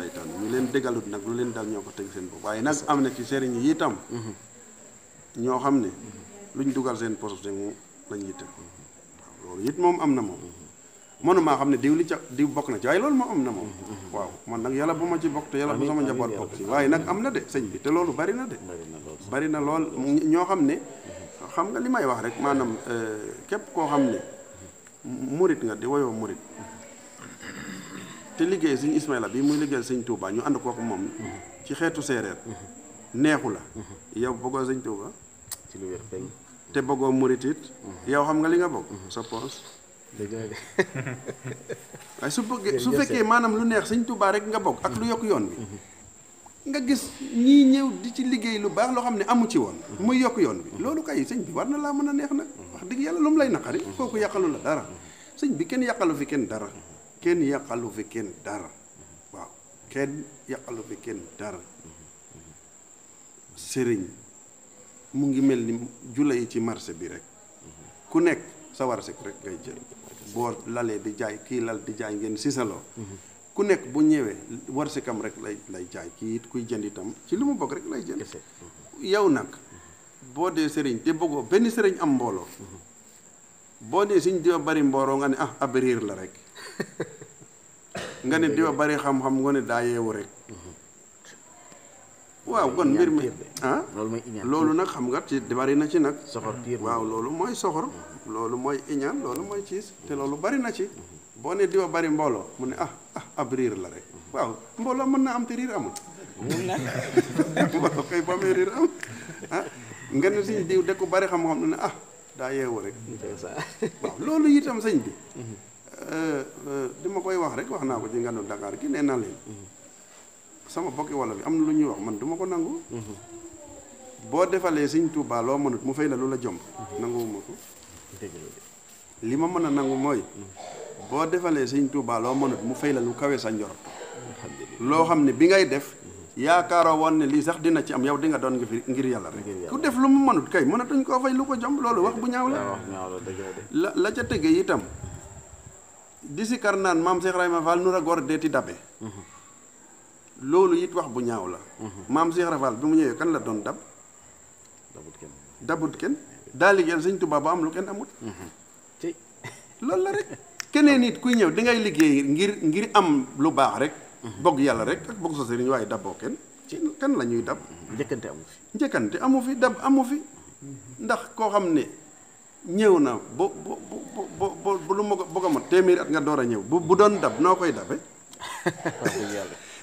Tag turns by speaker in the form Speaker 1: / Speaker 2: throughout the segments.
Speaker 1: seytaane ñu leen dëggalut nag lu leen dal ñoo ko teg seen bopp waaye nag am na ci sëriñ yii tam ñoo xam ne luñ dugal seen poste mu lañ yitte waaw loolu moom am na moom mënumaa xam ne diw li ca diw bokk na ci loolu moom am na waaw man nag yàlla bu ma ci bokk te yàlla bu sama njaboot bokk ci waaye nag am na de sëñ bi te loolu bari na de bari na lool ñoo xam ne xam nga li may wax rek maanaam euh, képp koo xam ne murit nga di woyoo murit te liggéey suñu Ismaïla bi muy liggéeyal sëñ Touba ñu ànd kook moom ci xeetu séeréer neexu la yow bëggoo sëñ Touba lu wér te bëggoo murit it yow xam nga li nga bëgg sa poos waaye su bëggee su fekkee maanaam lu neex sëñ Touba rek nga bëgg ak lu yokk yoon bi mm-hmm. nga gis ñii ñëw di ci liggéey lu baax loo xam ne amu ci woon mm-hmm. muy yokk yoon bi loolu kay sëñ bi war na laa mën a neex nag mm-hmm. wax dëgg yàlla lu mu lay naqari kooku yàqalu la dara sëñ bi kenn yàqalu fi kenn dara ken ya kalu bikin dar wow. ken ya kalu bikin dar sering mu ngi mel ni jula ichi ci marché bi rek ku nekk sa war sek rek ngay jël di jaay lal di jaay ngeen sisaloo ku nek bu ñewé war rek lay lay jaay ki it kuy jënd itam ci limu bok rek lay jënd yow nak sering, dé sëriñ te bëggo benn sëriñ am mbolo bo dé siñ di bari mboro nga ni ah abrir la rek nga ne diwa bari xam-xam nga ne daa rek
Speaker 2: waaw kon mbir mi ah loolu nag
Speaker 1: xam nga ci bari na ci nag waaw loolu mooy soxor loolu mooy iñaan loolu mooy ciis te loolu bari na ci boo ne diwa bari mbooloo mu ne ah ah ab riir la rek waaw mbooloo mën naa am te riir amul mbooloo kay ba amee riir am ah, nga ne si diw ko bari xam-xam ne ah daa rek waaw loolu itam sëñ bi mhm. dama koy wax rek wax naa ko ci nganu Dakar gi nee na leen. sama bokki wolof yi am na lu ñuy wax man duma ko nangu. boo defalee Sëñ Tuubaa loo mënut mu fay la lu la jomb. nanguwuma ma mën a nangu mooy. boo defalee Sëñ Tuubaa loo mënut mu fay la lu kawe sa njort. loo xam ne bi ngay def. yaakaaroo woon ne lii sax dina ci am yow di nga doon ngir yàlla rek ku def lu mu mënut kay mënatuñ koo fay lu ko jomb loolu wax bu ñaaw la la la ca tege itam di sikar naan maam Cheikh ma Fall nu ra gor deeti dabe loolu it wax bu ñaaw la maam Cheikh Ibrahima Fall bi mu ñëwee kan la doon dab dabut kenn dabut kenn daa liggéeyal sëñ Tuubaa ba am lu kenn amut ci loolu la rek keneen it kuy ñëw di ngay liggéey ngir ngir am lu baax rek bëgg yàlla rek ak bëgg sa sëriñ waaye daboo kenn ci kan la ñuy dab njëkkante amu fi njëkkante amu fi dab amu fi ndax koo xam ne ñëw na bo bu bu bu bu lu ma bëgg a mot téeméeri at nga door a ñëw bu bu doon dab noo koy dabe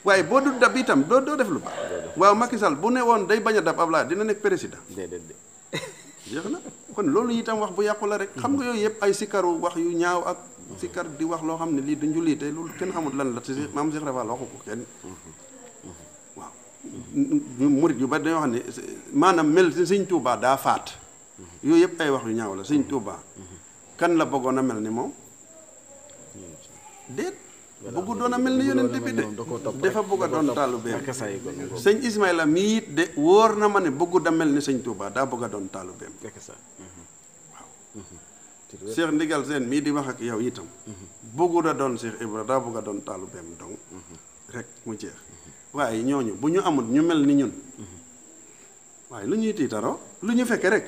Speaker 1: waaye boo du dab itam doo doo def lu baax waaw Macky Sall bu ne woon day bañ a dab Ablaye dina nekk président jeex na kon loolu itam wax bu yàqu la rek xam nga yooyu yëpp ay sikaru wax yu ñaaw ak sikar di wax loo xam ne lii du njulite loolu kenn xamut lan la te maam Cheikh Rafal waxu ko kenn mm-hmm. Mm-hmm. waaw murit yu bari dañoo xam ne maanaam mel Sëñ Tuubaa daa faat yooyu yëpp ay wax yu ñaaw la sëñ mm-hmm. Tuubaa mm-hmm. kan la bëggoon a mel ni moom déet bëggu doon a mel ni yonente bi de dafa bëgg a doon taalibeem sëñ na ma ne bëggu da mel ni sëñ Tuubaa bëgg doon taalibeem waaw mm-hmm. Cheikh Ndigal Sène mii di wax ak yow itam bëggu da doon Cheikh Ibra daa bëgg a doon taalibeem donc rek mu jeex waaye ñooñu bu ñu amul ñu mel ni ñun waaye lu ñuy tiitaroo lu ñu fekke rek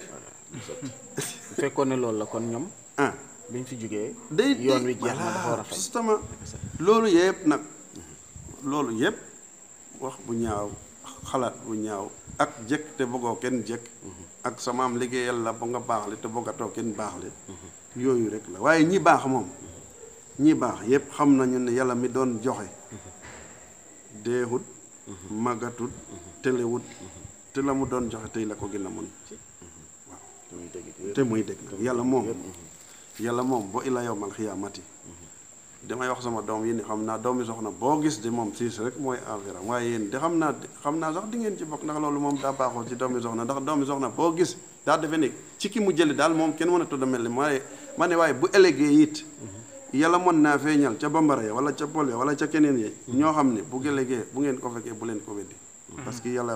Speaker 1: du ne loolu la kon ñoom. ah biñ fi jugee. day yoon wi jeex na a fay justement loolu yëpp nag loolu yëpp wax bu ñaaw xalaat bu ñaaw ak jëkk te bëggoo kenn jëkk ak sama am liggéeyal la ba nga baaxle te bëggatoo kenn baax baaxle yooyu rek la waaye ñi baax moom ñi baax yëpp xam nañu ne yàlla mi doon joxe deexut màggatut telewut te la mu doon joxe tey la ko gën a mën te muy dëgg yàlla moom yàlla moom ba ila yowmal xiyaamati damay wax sama doom yi ni xam naa doom yi soxna boo gis di moom siis rek mooy environ waaye yéen di xam naa xam naa sax di ngeen ci bokk ndax loolu moom daa baaxoo ci doom yi soxna ndax doom soxna boo gis daa defe ni ci ki mu jëli daal moom kenn mën a tudd mel ni waaye ma ne waaye bu ëllëgee it yàlla mën naa feeñal ca bambara ya wala ca pol ya wala ca keneen ya ñoo xam ne bu e bu ngeen ko bu leen ko weddi parce que yàlla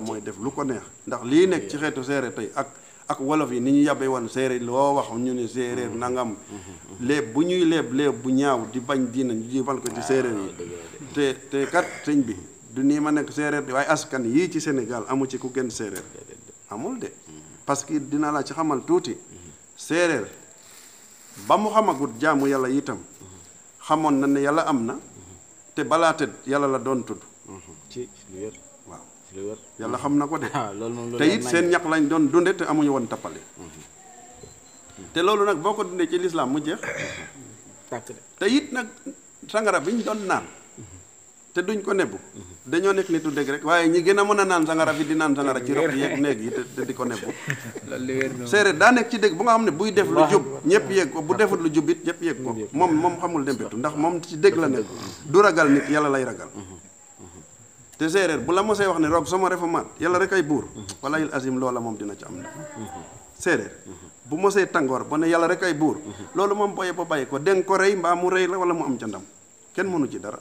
Speaker 1: ak wolof yi ni ñu yàbbee woon séeréer loo wax ñu ne séeréer mm-hmm. nangam mm-hmm. léeb bu ñuy léeb léeb bu ñaaw di bañ diina ñu jibal ko ci ah, séeréer yi te te kat sëñ bi du nii ma nekk séeréer bi waaye askan yii ci Sénégal amu ci ku gën séeréer amul de mm-hmm. parce que dina la ci xamal tuuti séeréer ba mu xamagut jaamu yàlla itam xamoon na ne yàlla am na te balaa tëdd yàlla la doon tudd yàlla xam na ko de ah, te seen ñax lañ doon dunde te amuñu woon tappale mhm. te loolu nag boo ko dundee ci lislaam mu jeex mhm. te it nag sangara bi ñu doon naan te duñ ko nebbu mhm. dañoo nekk nitu dégg rek waaye ñi gën a mën a naan sangara bi di naan sangara ci rob yeeg néeg yi te di ko nebbu séeréer daa nekk ci dégg bu nga xam ne buy def lu jub ñëpp yëg ko bu defut lu jub it ñëpp yëg ko moom moom xamul dembetu ndax moom ci dégg la nekk du ragal nit yàlla lay ragal te séeréer bu la mosee wax ne roog sama refa maat yàlla rek ay buur wala il loola moom dina ci am na bu mosee tàngoor ba ne yàlla rek ay buur loolu moom boye ba bàyyi ko dénk ko rey mbaa mu rey la wala mu am ca kenn mënu ci dara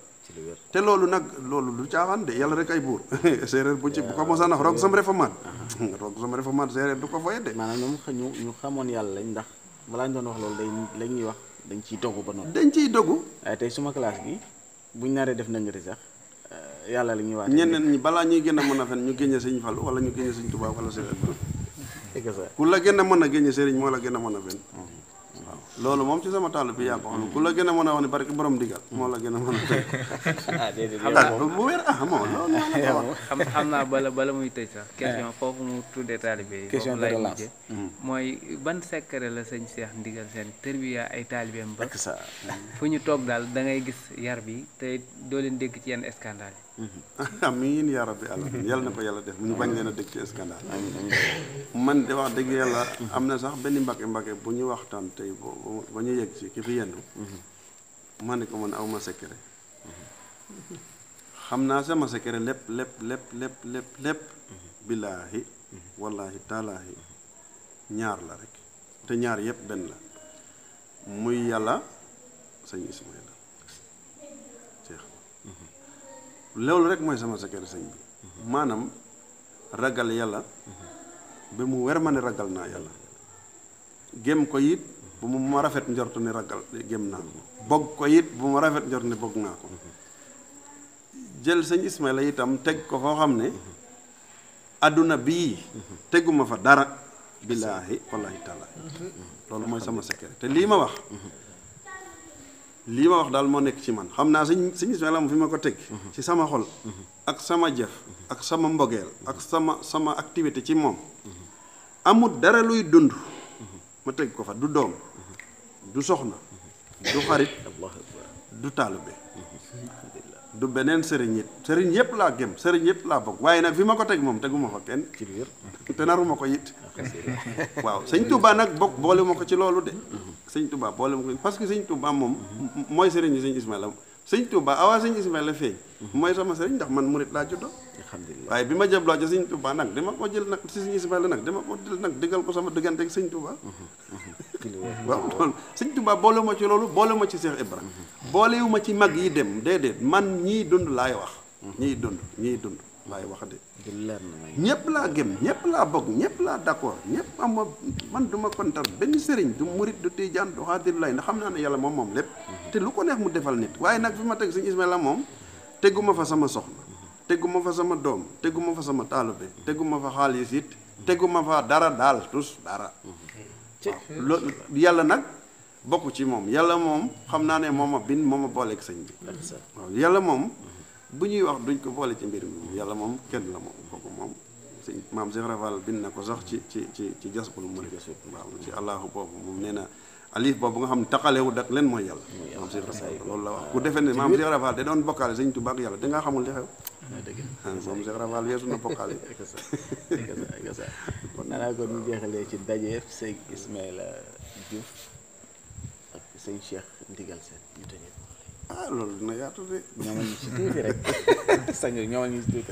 Speaker 1: te loolu nag loolu lu caaxaan de yàlla rek ay buur séeréer bu ci bu ko mosaan na roog sama refa maat uh-huh. roog sama refa maat séeréer du ko foye de maanaam ñoom ñu ñu xamoon yàlla lañ ndax balaa ñu doon wax loolu day la ñuy wax dañ ciy dogu ba noonu dañ ciy dogu waaye eh, tey suma classe gi buñ naree def nañ sax yàlla la ñuy waat ñeneen ñi balaa ñuy gën a mën a fen ñu génne sëñ Fallu wala ñu génne sëñ Tuubaa wala sëñ ku la gën mën a génne sëriñ moo la gën a mën a fen mhm. waaw loolu moom ci sama tàll bi yaa ko xam la gën a mën a wax ni barke borom moo la gën a a tëj ah déedéet bu wér ah moom loolu xam xam naa bala bala muy tëj sax eh. question foofu mu tuddee taalibe yi question lay mm-hmm. mooy ban secret la sëñ seex ndigal seen tërbiya ay taalibeem ba fu ñu toog daal da ngay gis yar bi te doo leen dégg ci yenn scandale Mm-hmm. amiin yaa rabbi alamin yàlla na ko yàlla def mu ñu bañ leen a dëkk ci scandale man de wax dëgg yàlla am na sax benn mbake mbake bu ñu waxtaan tey boo ba ñu yegg ci ki fi yendu mm-hmm. ma ne ko man aw ma secret mm-hmm. xam naa sama secret lépp lépp lépp lépp lépp lépp billaahi wallaahi taalaahi ñaar la rek te ñaar yépp benn la muy yàlla sëñ Ismaïla loolu rek moy sama secret sëñ bi manam ragal yalla ba mu wer mané ragal na yalla gem ko yit bu mu ma rafet ndortu ni ragal gem na ko bog ko yit bu mu rafet ndortu ni bog na ko jël sëñ ismaïl itam tegg ko fo xamné ne bi tegguma fa dara billahi wallahi taala moy sama secret te li ma wax lii ma wax daal moo nekk ci man xam naa sëñ sëñ Ismaila moom fi ma ko teg mhm. ci sama xol mhm. ak sama jëf mhm. ak sama mbogeel ak sama sama activité ci moom amul dara luy dund ma teg ko fa du doom du soxna du xarit du taalibe du beneen sëriñ it sëriñ yëpp laa gëm sëriñ yëpp laa bokk waaye nag fi ma ko teg moom teguma ko kenn ci biir te naruma ko it waaw sëñ Tuubaa nag bokk boolewuma ko ci loolu de señ Touba boole parce que sëñ Touba moom mooy sëriñ sëñ Ismaila sëñ Touba awaa sëñ Ismaila feeñ mooy sama sëriñ ndax man murit laa juddoo alhamdulilah waaye bi ma jabloo ci sëñ Touba nag dama jël nag si sëñ Ismaila nag dama ko jël nag dëggal ko sama diggante ak sëñ Touba waaw loolu sëñ Touba boole ma ci loolu boole ma ci Cheikh Ibra boolewu ma ci mag yi dem déedéet man ñii dund laay wax ñii dund ñii dund laay wax de. ñëpp laa gëm ñëpp laa bëgg ñëpp laa d'accord ñëpp am ma man du ma kontar benn sëriñ du murit du tijaan du xaadir lay ndax xam naa ne yàlla moom moom lépp. Mhm. te lu ko neex mu defal nit waaye nag fi ma teg sëñ Ismaila moom teguma fa sama soxna mhm. teguma fa sama doom teguma fa sama taalibe teguma fa xaalis it teguma fa dara daal tus dara. Mhm. loolu yàlla nag bokk ci moom yàlla moom xam naa ne moom a bind moom ma booleek sëñ bi. waaw yàlla moom. bu ñuy wax duñ ko boole ci mbir mi yàlla moom kenn la moom kooku moom maam Cheikh Rafal bind na ko sax ci ci ci ci jasbul murid waaw ci allahu boobu moom nee na alif boobu nga xam ne taqalewu dak leen mooy yàlla maam Cheikh Rafal loolu la wax ku defee ne maam Cheikh Rafal da doon bokkaale sëñ Tuubaa ak yàlla da ngaa xamul li xew ah, moom Cheikh Rafal weesu na bokkaale kon nanaa kon ñu jeexalee ci dajeef sëñ Ismaïla Diouf ak sëñ Cheikh Ndigal Sène ñu ah loolu dina yaatu de. ñoo ma ñu si tuuti rek. sëñ